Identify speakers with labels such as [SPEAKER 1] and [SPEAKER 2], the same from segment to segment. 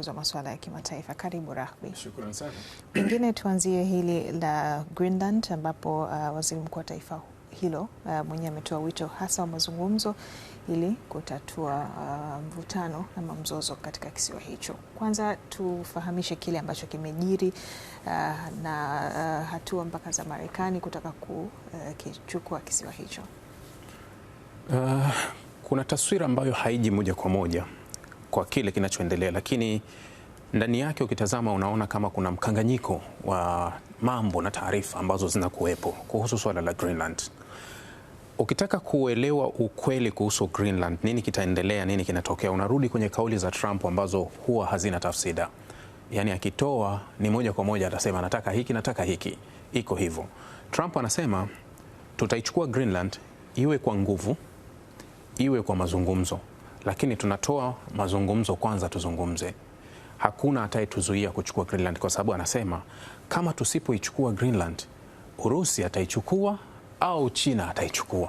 [SPEAKER 1] za masuala ya kimataifa. Karibu Rahbi. Shukrani sana. Pengine tuanzie hili la Greenland ambapo uh, waziri mkuu wa taifa hilo uh, mwenyewe ametoa wito hasa wa mazungumzo ili kutatua uh, mvutano ama mzozo katika kisiwa hicho. Kwanza tufahamishe kile ambacho kimejiri uh, na uh, hatua mpaka za Marekani kutaka kuchukua uh, kisiwa hicho.
[SPEAKER 2] Uh, kuna taswira ambayo haiji moja kwa moja kwa kile kinachoendelea, lakini ndani yake ukitazama unaona kama kuna mkanganyiko wa mambo na taarifa ambazo zinakuwepo kuhusu swala la Greenland. Ukitaka kuelewa ukweli kuhusu Greenland, nini kitaendelea, nini kinatokea, unarudi kwenye kauli za Trump ambazo huwa hazina tafsida. Yaani akitoa ni moja kwa moja atasema nataka hiki, nataka hiki, iko hivyo. Trump anasema tutaichukua Greenland iwe kwa nguvu, iwe kwa mazungumzo lakini tunatoa mazungumzo kwanza, tuzungumze. Hakuna atayetuzuia kuchukua Greenland, kwa sababu anasema kama tusipoichukua Greenland, Urusi ataichukua au China ataichukua.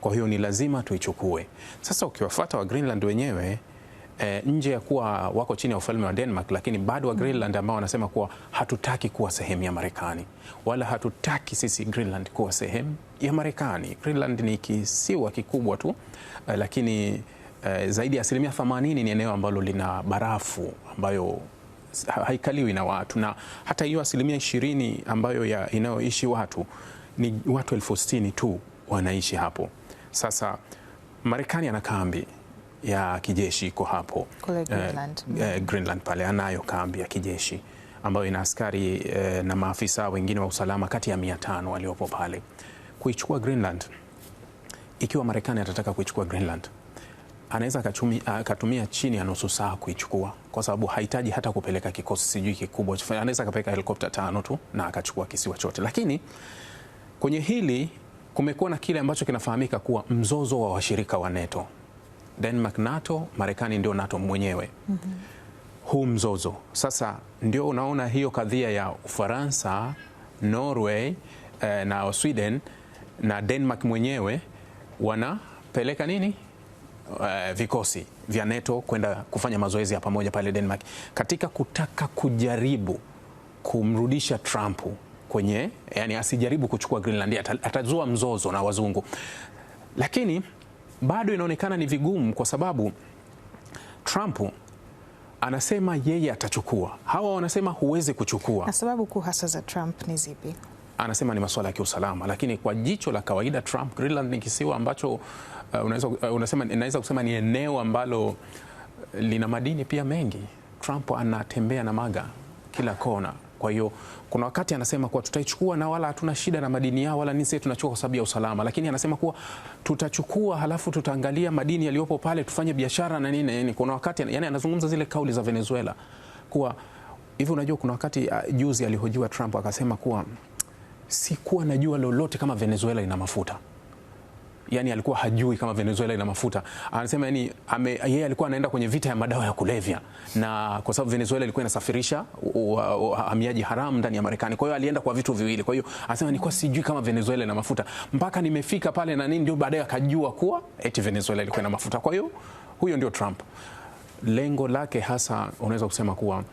[SPEAKER 2] Kwa hiyo ni lazima tuichukue. Sasa ukiwafuata wa Greenland wenyewe E, nje ya kuwa wako chini ya ufalme wa Denmark, lakini bado wa Greenland ambao wanasema kuwa hatutaki kuwa sehemu ya Marekani wala hatutaki sisi Greenland kuwa sehemu ya Marekani. Greenland ni kisiwa kikubwa tu, eh, lakini eh, zaidi ya asilimia 80 ni eneo ambalo lina barafu ambayo haikaliwi na watu, na hata hiyo asilimia ishirini ambayo inayoishi watu ni watu elfu sitini tu wanaishi hapo. Sasa Marekani ana kambi ya kijeshi iko hapo
[SPEAKER 1] eh, Greenland.
[SPEAKER 2] Eh, eh, Greenland pale anayo kambi ya kijeshi ambayo ina askari eh, na maafisa wengine wa usalama kati ya tano waliopo pale. Kuichukua Greenland, ikiwa Marekani atataka kuichukua Greenland anaweza ah, akatumia chini ya nusu saa kuichukua, kwa sababu hahitaji hata kupeleka kikosi sijui kikubwa, anaweza akapeleka helikopta tano tu na akachukua kisiwa chote. Lakini kwenye hili kumekuwa na kile ambacho kinafahamika kuwa mzozo wa washirika wa NATO, Denmark NATO, Marekani ndio NATO mwenyewe. mm -hmm. Huu mzozo sasa ndio unaona hiyo kadhia ya Ufaransa, Norway eh, na Sweden na Denmark mwenyewe wanapeleka nini uh, vikosi vya NATO kwenda kufanya mazoezi ya pamoja pale Denmark katika kutaka kujaribu kumrudisha Trump kwenye, yani asijaribu kuchukua Greenland, atazua mzozo na wazungu, lakini bado inaonekana ni vigumu kwa sababu Trump anasema yeye atachukua, hawa wanasema huwezi kuchukua. Na
[SPEAKER 1] sababu kuu hasa za Trump ni zipi? anasema ni masuala ya kiusalama, lakini kwa jicho la kawaida Trump, Greenland ni kisiwa ambacho uh, unaweza uh, unasema kusema ni eneo ambalo lina madini pia mengi. Trump anatembea na maga kila kona. Kwa hiyo kuna wakati anasema kuwa tutaichukua na wala hatuna shida na madini yao wala nisi tunachukua kwa sababu ya usalama, lakini anasema kuwa tutachukua, halafu tutaangalia madini yaliyopo pale tufanye biashara na nini Yani Kuna wakati yani anazungumza zile kauli za Venezuela kuwa hivi, unajua kuna wakati uh, juzi alihojiwa Trump akasema kuwa sikuwa najua lolote kama Venezuela ina mafuta. Yani alikuwa hajui kama Venezuela ina mafuta. Anasema yani ame, yeye alikuwa anaenda kwenye vita ya madawa ya kulevya, na kwa sababu Venezuela ilikuwa inasafirisha wahamiaji haramu ndani ya Marekani, kwa hiyo alienda kwa vitu viwili. Kwa hiyo anasema nilikuwa sijui kama Venezuela ina mafuta mpaka nimefika pale na nini, ndio baadaye akajua kuwa eti Venezuela ilikuwa ina mafuta. Kwa hiyo huyo ndio Trump, lengo lake hasa unaweza kusema kuwa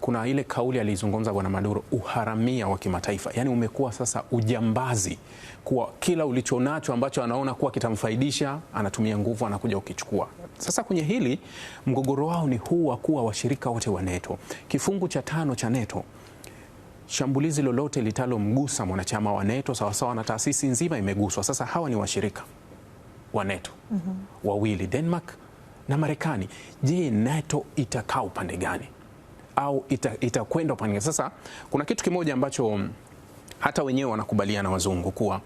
[SPEAKER 1] kuna ile kauli aliizungumza Bwana Maduro, uharamia wa kimataifa, yaani umekuwa sasa ujambazi, kuwa kila ulichonacho ambacho anaona kuwa kitamfaidisha anatumia nguvu, anakuja ukichukua. Sasa kwenye hili mgogoro wao ni huu wa kuwa washirika wote wa NATO, kifungu cha tano cha NATO shambulizi lolote litalomgusa mwanachama wa NATO sawasawa na taasisi nzima imeguswa. Sasa hawa ni washirika wa NATO mm -hmm. wawili Denmark na Marekani. Je, NATO itakaa upande gani? au itakwenda ita upande. Sasa kuna kitu kimoja ambacho mm, hata wenyewe wanakubaliana wazungu kuwa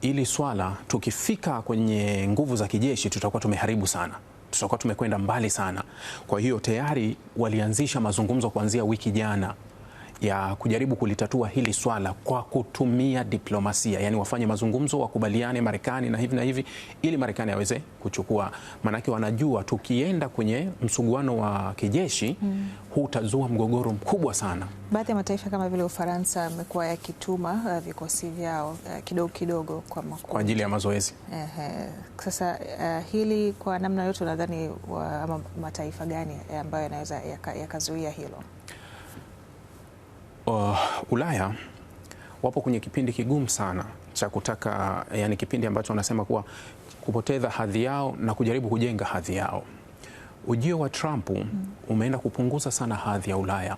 [SPEAKER 1] ili swala tukifika kwenye nguvu za kijeshi tutakuwa tumeharibu sana, tutakuwa tumekwenda mbali sana. Kwa hiyo tayari walianzisha mazungumzo kuanzia wiki jana ya kujaribu kulitatua hili swala kwa kutumia diplomasia, yani wafanye mazungumzo, wakubaliane Marekani na hivi na hivi, ili Marekani aweze kuchukua. Maanake wanajua tukienda kwenye msuguano wa kijeshi mm, hutazua utazua mgogoro mkubwa sana. Baadhi ya mataifa kama vile Ufaransa yamekuwa yakituma uh, vikosi vyao uh, kidogo kidogo kwa makundi, kwa ajili ya mazoezi. Ehe. Sasa uh, hili kwa namna yote unadhani ama mataifa gani eh, ambayo yanaweza yakazuia yaka hilo? uh, Ulaya wapo kwenye kipindi kigumu sana cha kutaka, eh, yani kipindi ambacho wanasema kuwa kupoteza hadhi yao na kujaribu kujenga hadhi yao. Ujio wa Trump umeenda kupunguza sana hadhi ya Ulaya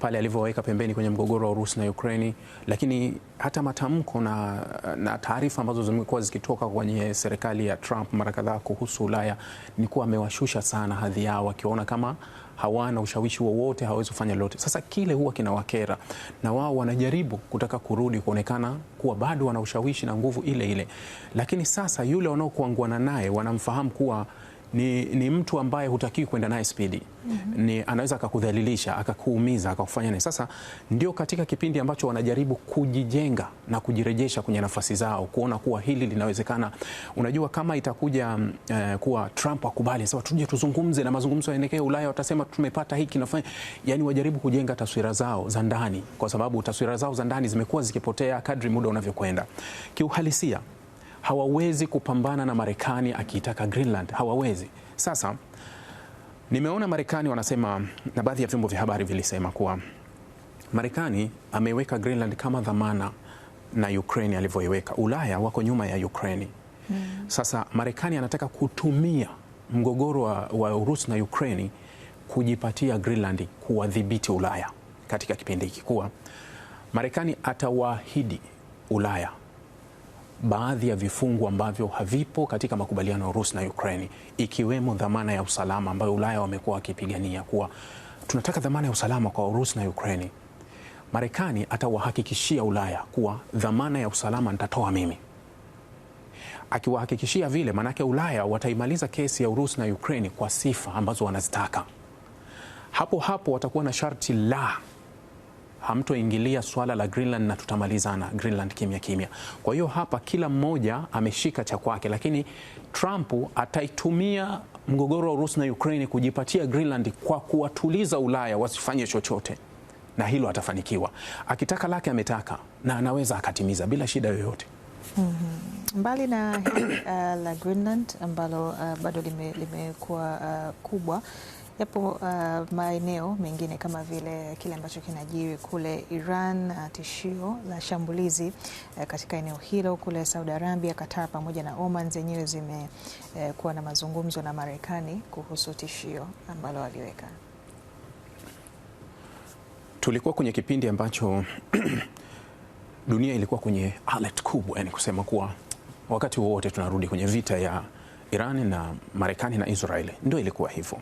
[SPEAKER 1] pale alivyoweka pembeni kwenye mgogoro wa Urusi na Ukraini, lakini hata matamko na, na taarifa ambazo zimekuwa zikitoka kwenye serikali ya Trump mara kadhaa kuhusu Ulaya ni kuwa amewashusha sana hadhi yao, wakiwaona kama hawana ushawishi wowote, hawawezi kufanya lolote. Sasa kile huwa kinawakera, na wao wanajaribu kutaka kurudi kuonekana kuwa bado wana ushawishi na nguvu ile ile, lakini sasa yule wanaokuanguana naye wanamfahamu kuwa ni, ni mtu ambaye hutakiwi kwenda naye spidi mm -hmm. Ni anaweza akakudhalilisha akakuumiza akakufanya nini. Sasa ndio katika kipindi ambacho wanajaribu kujijenga na kujirejesha kwenye nafasi zao, kuona kuwa hili linawezekana. Unajua, kama itakuja uh, kuwa Trump akubali sasa, tuje tuzungumze na mazungumzo yaelekee Ulaya, watasema tumepata hiki nafanya, yani wajaribu kujenga taswira zao za ndani, kwa sababu taswira zao za ndani zimekuwa zikipotea kadri muda unavyokwenda kiuhalisia hawawezi kupambana na Marekani akiitaka Greenland, hawawezi. Sasa nimeona Marekani wanasema na baadhi ya vyombo vya habari vilisema kuwa Marekani ameweka Greenland kama dhamana na Ukraine alivyoiweka. Ulaya wako nyuma ya Ukraine. Hmm. Sasa Marekani anataka kutumia mgogoro wa, wa Urusi na Ukraine kujipatia Greenland kuwadhibiti Ulaya katika kipindi hiki, kuwa Marekani atawaahidi Ulaya baadhi ya vifungu ambavyo havipo katika makubaliano ya Urusi na Ukraini, ikiwemo dhamana ya usalama ambayo Ulaya wamekuwa wakipigania kuwa tunataka dhamana ya usalama kwa Urusi na Ukraini. Marekani atawahakikishia Ulaya kuwa dhamana ya usalama nitatoa mimi. Akiwahakikishia vile, maanake Ulaya wataimaliza kesi ya Urusi na Ukraini kwa sifa ambazo wanazitaka. Hapo hapo watakuwa na sharti la hamtoingilia swala la Greenland na tutamalizana Greenland kimya kimya. Kwa hiyo hapa kila mmoja ameshika cha kwake, lakini Trump ataitumia mgogoro wa Urusi na Ukraine kujipatia Greenland kwa kuwatuliza Ulaya wasifanye chochote, na hilo atafanikiwa. Akitaka lake ametaka, na anaweza akatimiza bila shida yoyote. Mm -hmm. Mbali na hili uh, la Greenland ambalo uh, bado limekuwa lime uh, kubwa Yapo uh, maeneo mengine kama vile kile ambacho kinajiri kule Iran, uh, tishio la shambulizi uh, katika eneo hilo kule Saudi Arabia, Qatar pamoja na Oman zenyewe zimekuwa uh, na mazungumzo na Marekani kuhusu tishio ambalo waliweka. Tulikuwa kwenye kipindi ambacho dunia ilikuwa kwenye alert kubwa, yani kusema kuwa wakati wowote tunarudi kwenye vita ya Iran na Marekani na Israeli. Ndio ilikuwa hivyo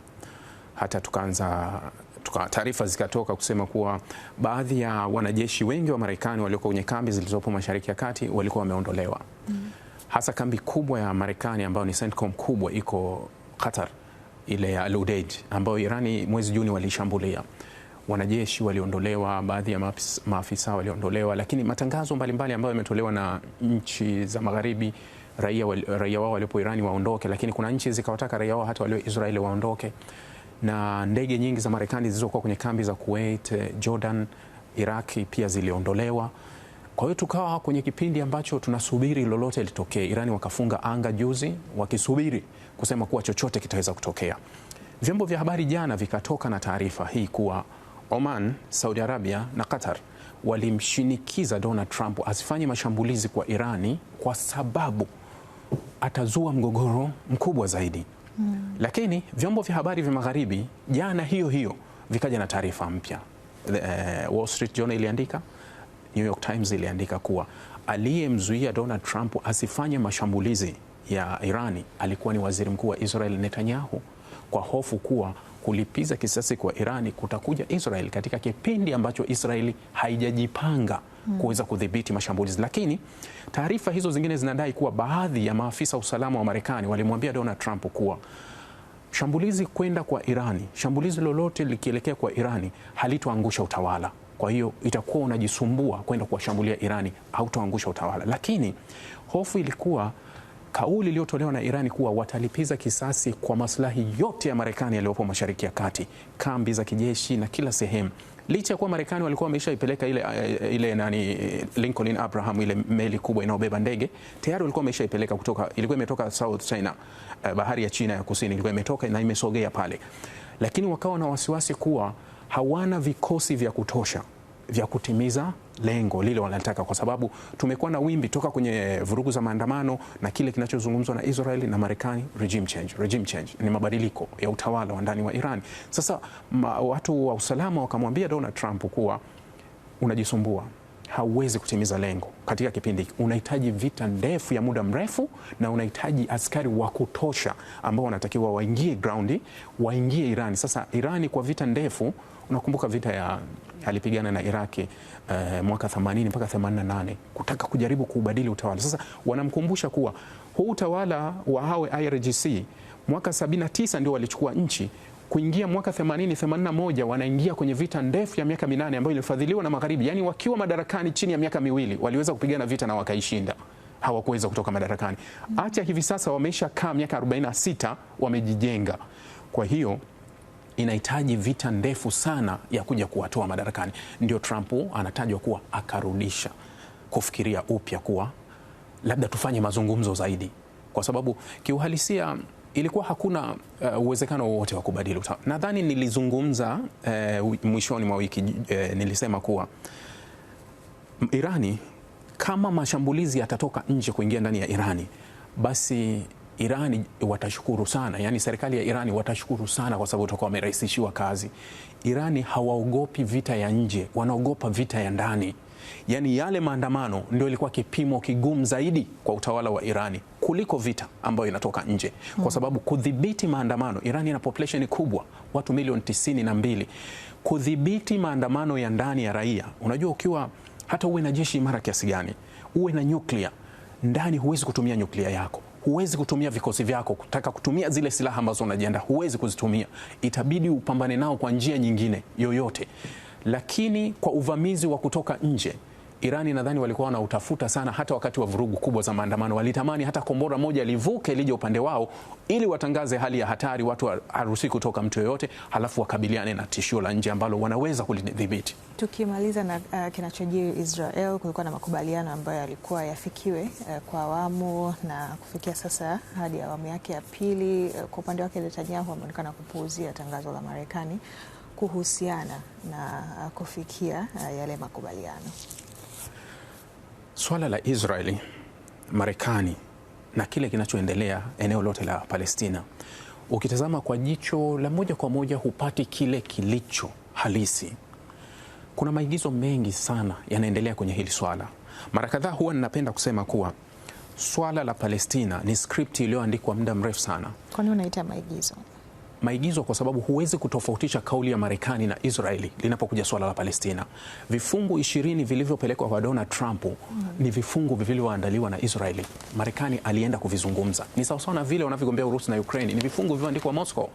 [SPEAKER 1] hata tukaanza taarifa zikatoka kusema kuwa baadhi ya wanajeshi wengi wa Marekani walioko kwenye kambi zilizopo Mashariki ya Kati walikuwa wameondolewa mm. hasa kambi kubwa ya Marekani ambayo ni CENTCOM kubwa iko Qatar, ile ya Al Udeid ambayo Irani mwezi Juni walishambulia wanajeshi waliondolewa, baadhi ya maafisa waliondolewa, lakini matangazo mbalimbali ambayo yametolewa na nchi za magharibi raia, raia wao waliopo Irani waondoke, lakini kuna nchi zikawataka raia wao hata walio Israeli waondoke na ndege nyingi za Marekani zilizokuwa kwenye kambi za Kuwait, eh, Jordan, Iraki pia ziliondolewa. Kwa hiyo tukawa kwenye kipindi ambacho tunasubiri lolote litokee. Irani wakafunga anga juzi wakisubiri kusema kuwa chochote kitaweza kutokea. Vyombo vya habari jana vikatoka na taarifa hii kuwa Oman, Saudi Arabia na Qatar walimshinikiza Donald Trump asifanye mashambulizi kwa Irani kwa sababu atazua mgogoro mkubwa zaidi. Lakini vyombo vya habari vya magharibi jana hiyo hiyo vikaja na taarifa mpya. Uh, Wall Street Journal iliandika, New York Times iliandika kuwa aliyemzuia Donald Trump asifanye mashambulizi ya Irani alikuwa ni waziri mkuu wa Israel Netanyahu, kwa hofu kuwa kulipiza kisasi kwa Irani kutakuja Israel katika kipindi ambacho Israeli haijajipanga hmm. kuweza kudhibiti mashambulizi. Lakini taarifa hizo zingine zinadai kuwa baadhi ya maafisa usalama wa Marekani walimwambia Donald Trump kuwa shambulizi kwenda kwa Irani, shambulizi lolote likielekea kwa Irani halitoangusha utawala. Kwa hiyo itakuwa unajisumbua kwenda kuwashambulia Irani, hautoangusha utawala. Lakini hofu ilikuwa kauli iliyotolewa na Irani kuwa watalipiza kisasi kwa maslahi yote ya Marekani yaliyopo Mashariki ya Kati, kambi za kijeshi na kila sehemu, licha ya kuwa Marekani walikuwa wameishaipeleka ile, eh, ile nani Lincoln Abraham, ile meli kubwa inayobeba ndege tayari walikuwa wameishaipeleka kutoka, ilikuwa imetoka South China, eh, bahari ya China ya kusini ilikuwa imetoka na imesogea pale, lakini wakawa na wasiwasi kuwa hawana vikosi vya kutosha vya kutimiza lengo lile wanataka, kwa sababu tumekuwa na wimbi toka kwenye vurugu za maandamano na kile kinachozungumzwa na Israeli na Marekani, regime change. Regime change ni mabadiliko ya utawala wa ndani wa Iran. Sasa ma, watu wa usalama wakamwambia Donald Trump kuwa unajisumbua hauwezi kutimiza lengo katika kipindi. Unahitaji vita ndefu ya muda mrefu, na unahitaji askari wa kutosha ambao wanatakiwa waingie graundi, waingie Irani. Sasa Irani kwa vita ndefu, unakumbuka vita ya alipigana na Iraki uh, eh, mwaka 80 mpaka 88 kutaka kujaribu kuubadili utawala. Sasa wanamkumbusha kuwa huu utawala wa hawe IRGC mwaka 79 ndio walichukua nchi kuingia mwaka 80 81 wanaingia kwenye vita ndefu ya miaka minane ambayo ilifadhiliwa na magharibi. Yani wakiwa madarakani chini ya miaka miwili waliweza kupigana vita na wakaishinda, hawakuweza kutoka madarakani. Acha hivi sasa wamesha kaa miaka 46 wamejijenga. Kwa hiyo inahitaji vita ndefu sana ya kuja kuwatoa madarakani. Ndio Trump anatajwa kuwa akarudisha kufikiria upya kuwa labda tufanye mazungumzo zaidi, kwa sababu kiuhalisia ilikuwa hakuna uh, uwezekano wowote wa kubadili. Nadhani nilizungumza uh, mwishoni mwa wiki uh, nilisema kuwa Irani kama mashambulizi yatatoka nje kuingia ndani ya Irani basi Irani watashukuru sana, yani serikali ya Irani watashukuru sana kwa sababu utakuwa wamerahisishiwa kazi. Irani hawaogopi vita ya nje, wanaogopa vita ya ndani. Yani yale maandamano ndio ilikuwa kipimo kigumu zaidi kwa utawala wa Irani kuliko vita ambayo inatoka nje, kwa hmm. sababu kudhibiti maandamano, Irani ina population kubwa, watu milioni tisini na mbili. Kudhibiti maandamano ya ndani ya raia, unajua, ukiwa hata uwe na jeshi imara kiasi gani, uwe na nyuklia ndani, huwezi kutumia nyuklia yako huwezi kutumia vikosi vyako, kutaka kutumia zile silaha ambazo unajiandaa, huwezi kuzitumia, itabidi upambane nao kwa njia nyingine yoyote lakini kwa uvamizi wa kutoka nje Irani nadhani walikuwa wanautafuta sana, hata wakati wa vurugu kubwa za maandamano walitamani hata kombora moja livuke lije upande wao, ili watangaze hali ya hatari, watu haruhusi kutoka mtu yoyote, halafu wakabiliane na tishio la nje ambalo wanaweza kulidhibiti. Tukimaliza na uh, kinachojiri Israel, kulikuwa na makubaliano ambayo yalikuwa yafikiwe uh, kwa awamu na kufikia sasa hadi awamu yake ya pili. Uh, kwa upande wake Netanyahu ameonekana kupuuzia tangazo la Marekani kuhusiana na uh, kufikia uh, yale makubaliano. Swala la Israeli, Marekani na kile kinachoendelea eneo lote la Palestina, ukitazama kwa jicho la moja kwa moja hupati kile kilicho halisi. Kuna maigizo mengi sana yanaendelea kwenye hili swala. Mara kadhaa huwa ninapenda kusema kuwa swala la Palestina ni skripti iliyoandikwa muda mrefu sana. Kwani unaita maigizo? maigizo kwa sababu huwezi kutofautisha kauli ya Marekani na Israeli linapokuja swala la Palestina. Vifungu ishirini vilivyopelekwa kwa Donald Trump mm -hmm. ni vifungu vilivyoandaliwa na Israeli. Marekani alienda kuvizungumza, ni sawasawa na vile wanavyogombea Urusi na Ukraine, ni vifungu vilivyoandikwa Moscow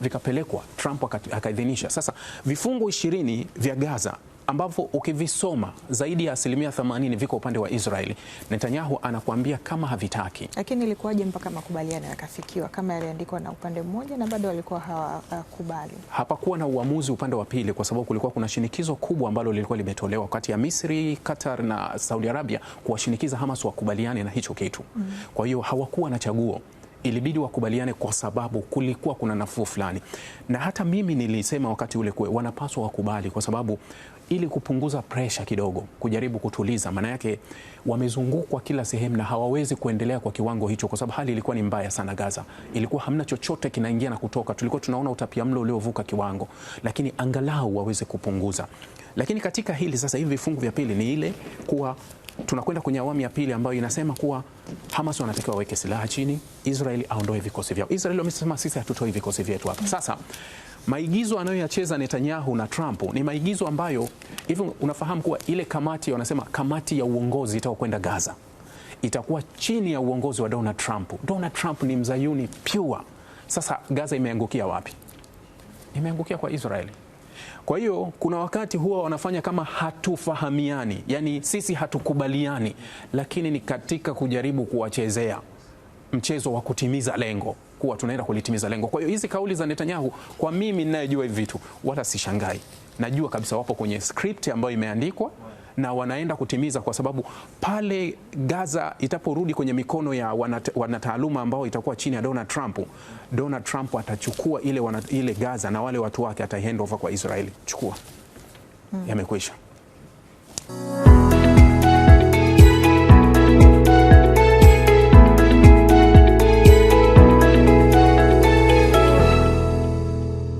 [SPEAKER 1] vikapelekwa Trump akaidhinisha. Sasa vifungu ishirini vya Gaza ambavyo ukivisoma zaidi ya asilimia 80 viko upande wa Israeli. Netanyahu anakuambia kama havitaki. Lakini ilikuwaje mpaka makubaliano yakafikiwa kama yaliandikwa na upande mmoja na bado walikuwa hawakubali? Hapakuwa na uamuzi upande wa pili, kwa sababu kulikuwa kuna shinikizo kubwa ambalo lilikuwa limetolewa kati ya Misri, Qatar na Saudi Arabia kuwashinikiza Hamas wakubaliane na hicho kitu mm. Kwa hiyo hawakuwa na chaguo ilibidi wakubaliane kwa sababu kulikuwa kuna nafuu fulani, na hata mimi nilisema wakati ule kuwe wanapaswa wakubali, kwa sababu ili kupunguza presha kidogo, kujaribu kutuliza. Maana yake wamezungukwa kila sehemu na hawawezi kuendelea kwa kiwango hicho, kwa sababu hali ilikuwa ni mbaya sana. Gaza ilikuwa hamna chochote kinaingia na kutoka, tulikuwa tunaona utapiamlo uliovuka kiwango, lakini angalau waweze kupunguza. Lakini katika hili sasa hivi vifungu vya pili ni ile kuwa tunakwenda kwenye awamu ya pili ambayo inasema kuwa Hamas wanatakiwa waweke silaha chini, Israeli aondoe vikosi vyao. Israeli wamesema sisi hatutoi vikosi vyetu hapa sasa maigizo anayoyacheza Netanyahu na Trump ni maigizo ambayo hivyo, unafahamu kuwa ile kamati wanasema kamati ya uongozi itakokwenda Gaza itakuwa chini ya uongozi wa Donald Trump. Donald Trump ni mzayuni pure. Sasa Gaza imeangukia wapi? Imeangukia kwa Israeli. Kwa hiyo kuna wakati huwa wanafanya kama hatufahamiani, yani sisi hatukubaliani, lakini ni katika kujaribu kuwachezea mchezo wa kutimiza lengo kuwa tunaenda kulitimiza lengo. Kwa hiyo hizi kauli za Netanyahu, kwa mimi ninayejua hivi vitu, wala sishangai, najua kabisa wapo kwenye script ambayo imeandikwa na wanaenda kutimiza, kwa sababu pale Gaza itaporudi kwenye mikono ya wanata, wanataaluma ambao itakuwa chini ya Donald Trump, Donald Trump atachukua ile, wana, ile Gaza na wale watu wake atahandover kwa Israeli. Chukua, hmm. yamekwisha.